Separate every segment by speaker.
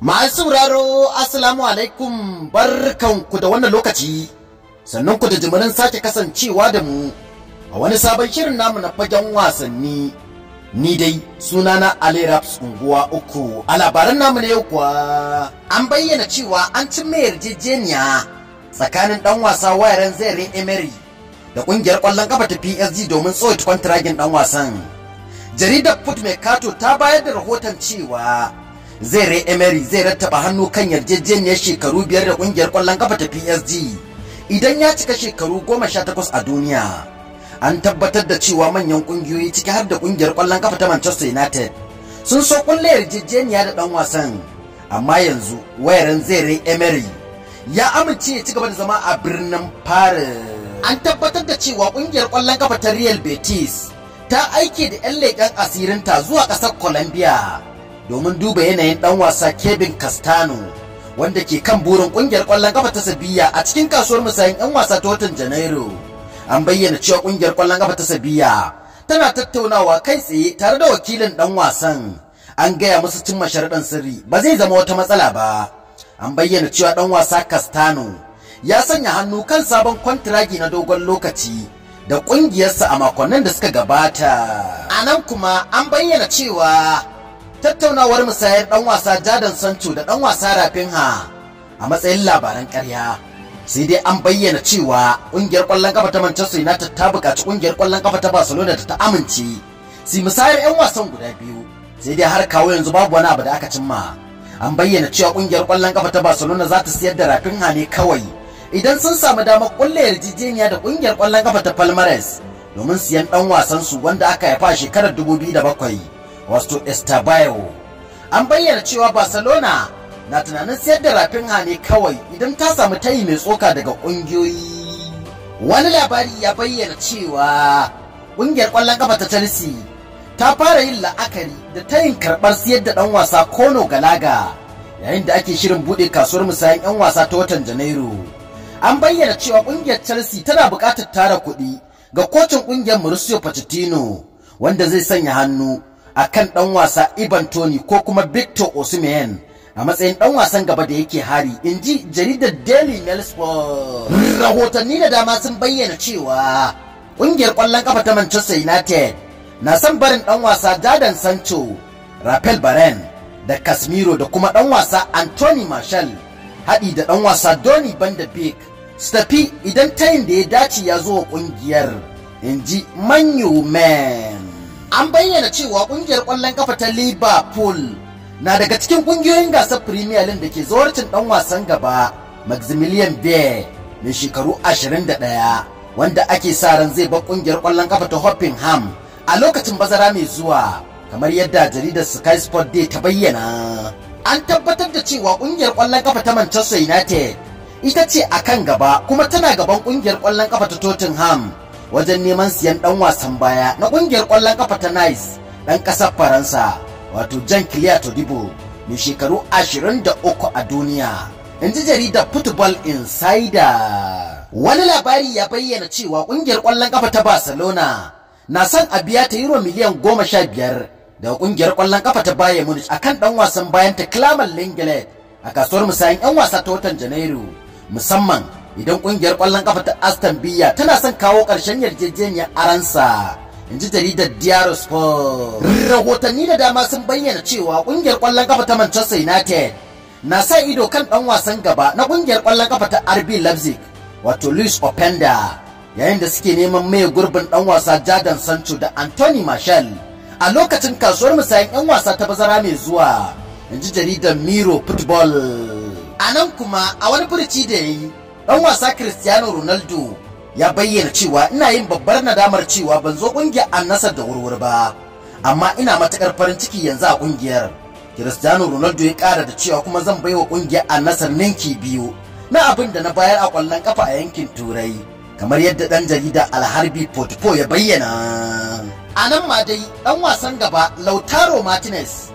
Speaker 1: Masu sauraro Assalamu alaikum barkanku da wannan lokaci sannan ku da jimirin sake kasancewa da mu a wani sabon shirin namu na fagen wasanni ni dai sunana Ali Raps unguwa uku a labaran namu na yau kuwa an bayyana cewa an ci mai yarjejeniya tsakanin dan wasa wayaran zairin Emery da kungiyar kwallon kafa ta PSG domin tsohon kwantiragin dan wasan jaridar Foot Mercato ta bayar da rahoton cewa zai rai emery zai rattaba hannu kan yarjejeniyar shekaru biyar da kungiyar kwallon kafa ta psg idan ya cika shekaru goma sha takwas a duniya an tabbatar da cewa manyan kungiyoyi ciki har da kungiyar kwallon kafa ta manchester united sun so kulle yarjejeniya da dan wasan amma yanzu wayarin zai rai emery ya amince ya ci gaba da zama a birnin paris an tabbatar da cewa kungiyar kwallon kafa ta real betis ta aike da 'yan leƙen asirinta zuwa ƙasar colombia domin duba yanayin dan wasa Kevin Kastano, wanda ke kan burin kungiyar kwallon kafa ta Sabiya a cikin kasuwar musayin 'yan wasa ta watan Janairu. An bayyana cewa kungiyar kwallon kafa ta Sabiya tana tattaunawa kai tsaye tare da wakilin dan wasan. An gaya musu cimma sharaɗin sirri ba zai zama wata matsala ba. An bayyana cewa dan wasa Kastano ya sanya hannu kan sabon kwantiragi na dogon lokaci da kungiyarsa a makonnin da suka gabata. A nan kuma an bayyana cewa tattaunawar musayar dan wasa Jadon Sancho da dan wasa Rafinha a matsayin labaran ƙarya sai dai an bayyana cewa ƙungiyar ƙwallon kafa ta Manchester United ta buƙaci ƙungiyar kwallon kafa ta Barcelona da ta amince sai musayar 'yan wasan guda biyu sai dai har kawo yanzu babu wani abu da aka cimma an bayyana cewa ƙungiyar ƙwallon kafa ta Barcelona za ta siyar da Rafinha ne kawai idan sun samu damar ƙulla yarjejeniya da ƙungiyar kwallon kafa ta Palmares domin siyan ɗan wasan su wanda aka haifa shekarar 2007 wasu estabayo an bayyana cewa barcelona na tunanin siyar da rafinha ne kawai idan ta samu tayi mai tsoka daga ƙungiyoyi wani labari ya bayyana cewa ƙungiyar ƙwallon ƙafa ta chelsea ta fara yin la'akari da tayin karɓar siyar da ɗan wasa kono galaga yayin da ake shirin buɗe kasuwar musayan 'yan wasa ta watan janairu an bayyana cewa ƙungiyar chelsea tana buƙatar tara kuɗi ga kocin ƙungiyar mauricio pochettino wanda zai sanya hannu akan dan wasa Ivan Toni ko kuma Victor Osimhen a matsayin dan wasan gaba da yake hari inji jaridar Daily Mail Sport rahotanni da dama sun bayyana cewa kungiyar kwallon kafa ta Manchester United na san barin dan wasa Jadon Sancho Rafael Varane da Casemiro da kuma dan wasa Anthony Martial haɗi da dan wasa Donny van de Beek su idan tayin da ya dace ya zo wa kungiyar inji ji Man an bayyana cewa kungiyar kwallon kafa ta liverpool na daga cikin kungiyoyin gasar premier league da ke zawarcin dan wasan gaba maximilian bear mai shekaru 21 wanda ake sa ran zai bar kungiyar kwallon kafa ta hoppingham a lokacin bazara mai zuwa kamar yadda jaridar sky sport day ta bayyana an tabbatar da cewa kungiyar kwallon kafa ta manchester united ita ce a kan gaba kuma tana gaban kungiyar kwallon kafa ta tottenham wajen neman siyan dan wasan baya na kungiyar kwallon kafa ta Nice dan kasar Faransa wato Jean Clear Todibo mai shekaru 23 a duniya. In ji jaridar Football Insider. Wani labari ya bayyana cewa kungiyar kwallon kafa ta Barcelona na son a biya ta euro miliyan 15 daga kungiyar kwallon kafa ta Bayern Munich akan dan wasan bayan ta Clamal Lenglet a kasuwar musayin 'yan wasa ta watan Janairu musamman idan kungiyar kwallon kafa ta Aston Villa tana son kawo ƙarshen yarjejeniyar aransa in ji jaridar Diario Sport. Rahotanni da dama sun bayyana cewa kungiyar kwallon kafa ta Manchester United na sa ido kan ɗan wasan gaba na kungiyar kwallon kafa ta RB Leipzig wato Luis Openda yayin da suke neman mai gurbin ɗan wasa Jadon Sancho da Anthony Martial a lokacin kasuwar musayin 'yan wasa ta bazara mai zuwa in ji jaridar Miro Football. A nan kuma a wani furuci da ya dan wasa Cristiano Ronaldo ya bayyana cewa ina yin babbar nadamar cewa ban zo kungiyar annasar da wurwuri ba amma ina matakar farin ciki yanzu a kungiyar Cristiano Ronaldo ya kara da cewa kuma zan bai wa kungiyar annasar ninki biyu na abin da na bayar a kwallon kafa a yankin turai kamar yadda dan jarida alharbi potpo ya bayyana a nan ma dai dan wasan gaba lautaro martinez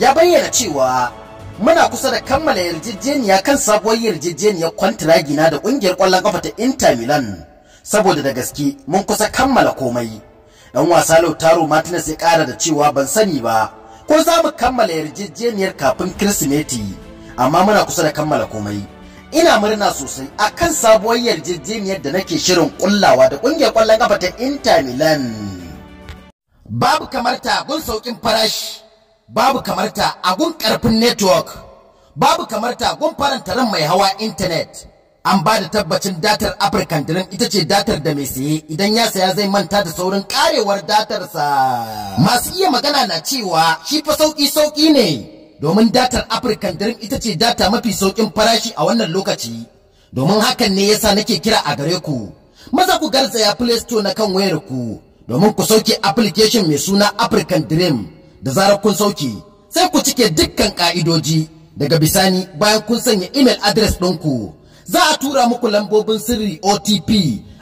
Speaker 1: ya bayyana cewa muna kusa da kammala yarjejeniya kan sabuwar yarjejeniyar kwantiragi na da kungiyar kwallon kafa ta Inter Milan saboda da gaske mun kusa kammala komai dan wasa Lautaro Martinez ya kara da cewa ban sani ba ko za mu kammala yarjejeniyar kafin Kirsimeti amma muna kusa da kammala komai ina murna sosai akan sabuwar yarjejeniyar da nake shirin kullawa da kungiyar kwallon kafa ta Inter Milan babu kamar ta gun saukin farashi babu kamarta a gun karfin network babu kamarta gun faranta ran mai hawa internet an ba da tabbacin datar african dream ita ce datar da mai saye idan ya saya zai manta da saurin karewar datarsa masu iya magana na cewa shi fa sauki sauki ne domin datar african dream ita ce data mafi saukin farashi a wannan lokaci domin hakan ne yasa nake kira a gare ku maza ku garzaya play store na kan wayar ku domin ku sauke application mai suna african dream da zarar kun sauke sai ku cike dukkan ka'idoji daga bisani bayan kun sanya imel adres ɗinku za a tura muku lambobin sirri OTP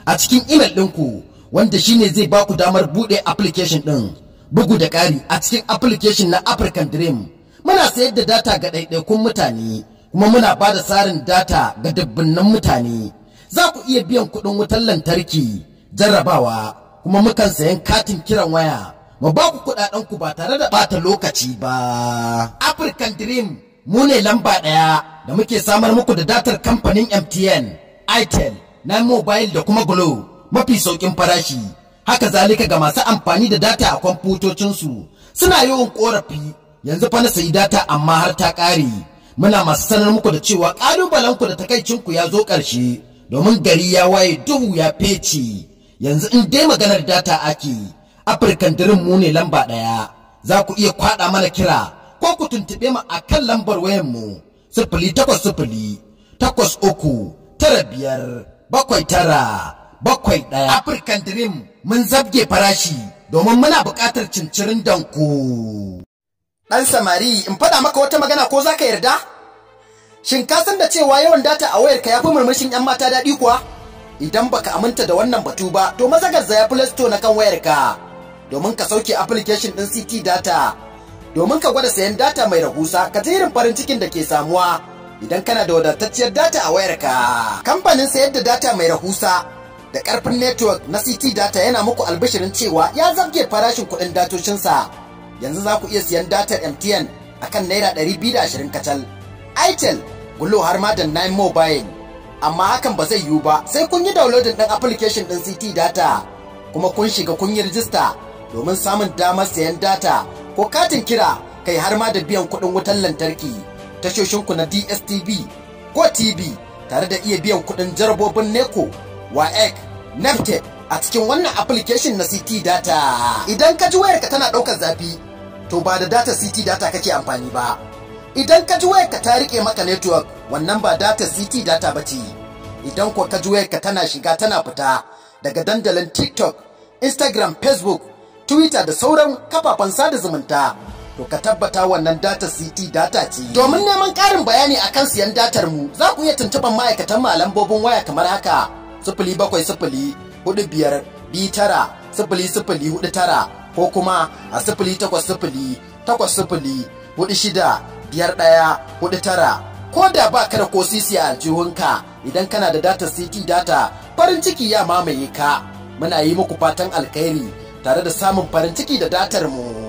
Speaker 1: a cikin email ɗinku wanda shine zai ba ku damar buɗe application ɗin bugu da ƙari a cikin application na African Dream muna sayar da data ga ɗaiɗaikun mutane kuma muna ba da tsarin data ga dubbunan mutane za ku iya biyan kuɗin wutar lantarki jarrabawa kuma mukan sayan katin kiran waya mu ba ku kudaden ku ba tare da bata lokaci ba African Dream mu ne lamba ɗaya da muke samar muku da datar kamfanin MTN, Itel, na Mobile da kuma Glo mafi sauƙin farashi. Haka zalika ga masu amfani da data a kwamfutocinsu suna yawan korafi yanzu fa na sayi data amma har ta ƙare. Muna masu sanar muku da cewa ƙalubalenku da takaicinku ya zo ƙarshe domin gari ya waye duhu ya fece yanzu in dai maganar data ake. Afirkan Dream mu ne lamba ɗaya. Za ku iya kwaɗa mana kira ko ku tuntuɓe mu a kan lambar wayar mu sifili takwas sifili takwas uku tara biyar bakwai tara bakwai ɗaya. Afirkan Dream mun zabge farashi domin muna buƙatar cincirin danku. Ɗan samari in faɗa maka wata magana ko zaka yarda? Shin ka san da cewa yawan data a wayarka ya fi murmushin 'yan mata daɗi kuwa? Idan baka aminta da wannan batu ba, to mazagar ya fi na kan wayarka. domin ka sauke application ɗin CT data. Domin ka gwada sayan data mai rahusa ka ji irin farin cikin da ke samuwa idan kana da wadatacciyar data a wayarka. Kamfanin sayar da data mai rahusa da karfin network na CT data yana muku albishirin cewa ya zabge farashin kuɗin datocinsa. Yanzu za ku iya siyan datar MTN akan naira 220 kacal. Itel, Gullo har ma da Nine Mobile. Amma hakan ba zai yiwu ba sai kun yi downloading ɗin application ɗin CT data. kuma kun shiga kun yi rijista domin samun damar sayan data ko katin kira kai har ma da biyan kuɗin wutar lantarki ta tashoshinku na DSTV ko TV tare da iya biyan kuɗin jarabobin NECO, WAEC, NEPTEC a cikin wannan application na CT data. Idan ka ji wayarka tana ɗaukar zafi, to ba da data CT data kake amfani ba. Idan ka ji wayarka ta riƙe maka network, wannan ba data CT data ba ce. Idan ko ka ji wayarka tana shiga tana fita daga dandalin TikTok, Instagram, Facebook, twitter da sauran kafafen sada zumunta to ka tabbata wannan data ct data ce domin neman ƙarin bayani akan siyan datar mu za ku iya tuntuɓar ma'aikatan malambobin waya kamar haka sifili bakwai sifili hudu biyar bi tara sifili sifili hudu tara ko kuma a sifili takwas sifili takwas sifili hudu shida biyar ɗaya hudu tara ko da ba ka da ko sisi a aljihunka idan kana da data city data farin ciki ya mamaye ka muna yi muku fatan alkhairi tare da samun farin ciki da datar mu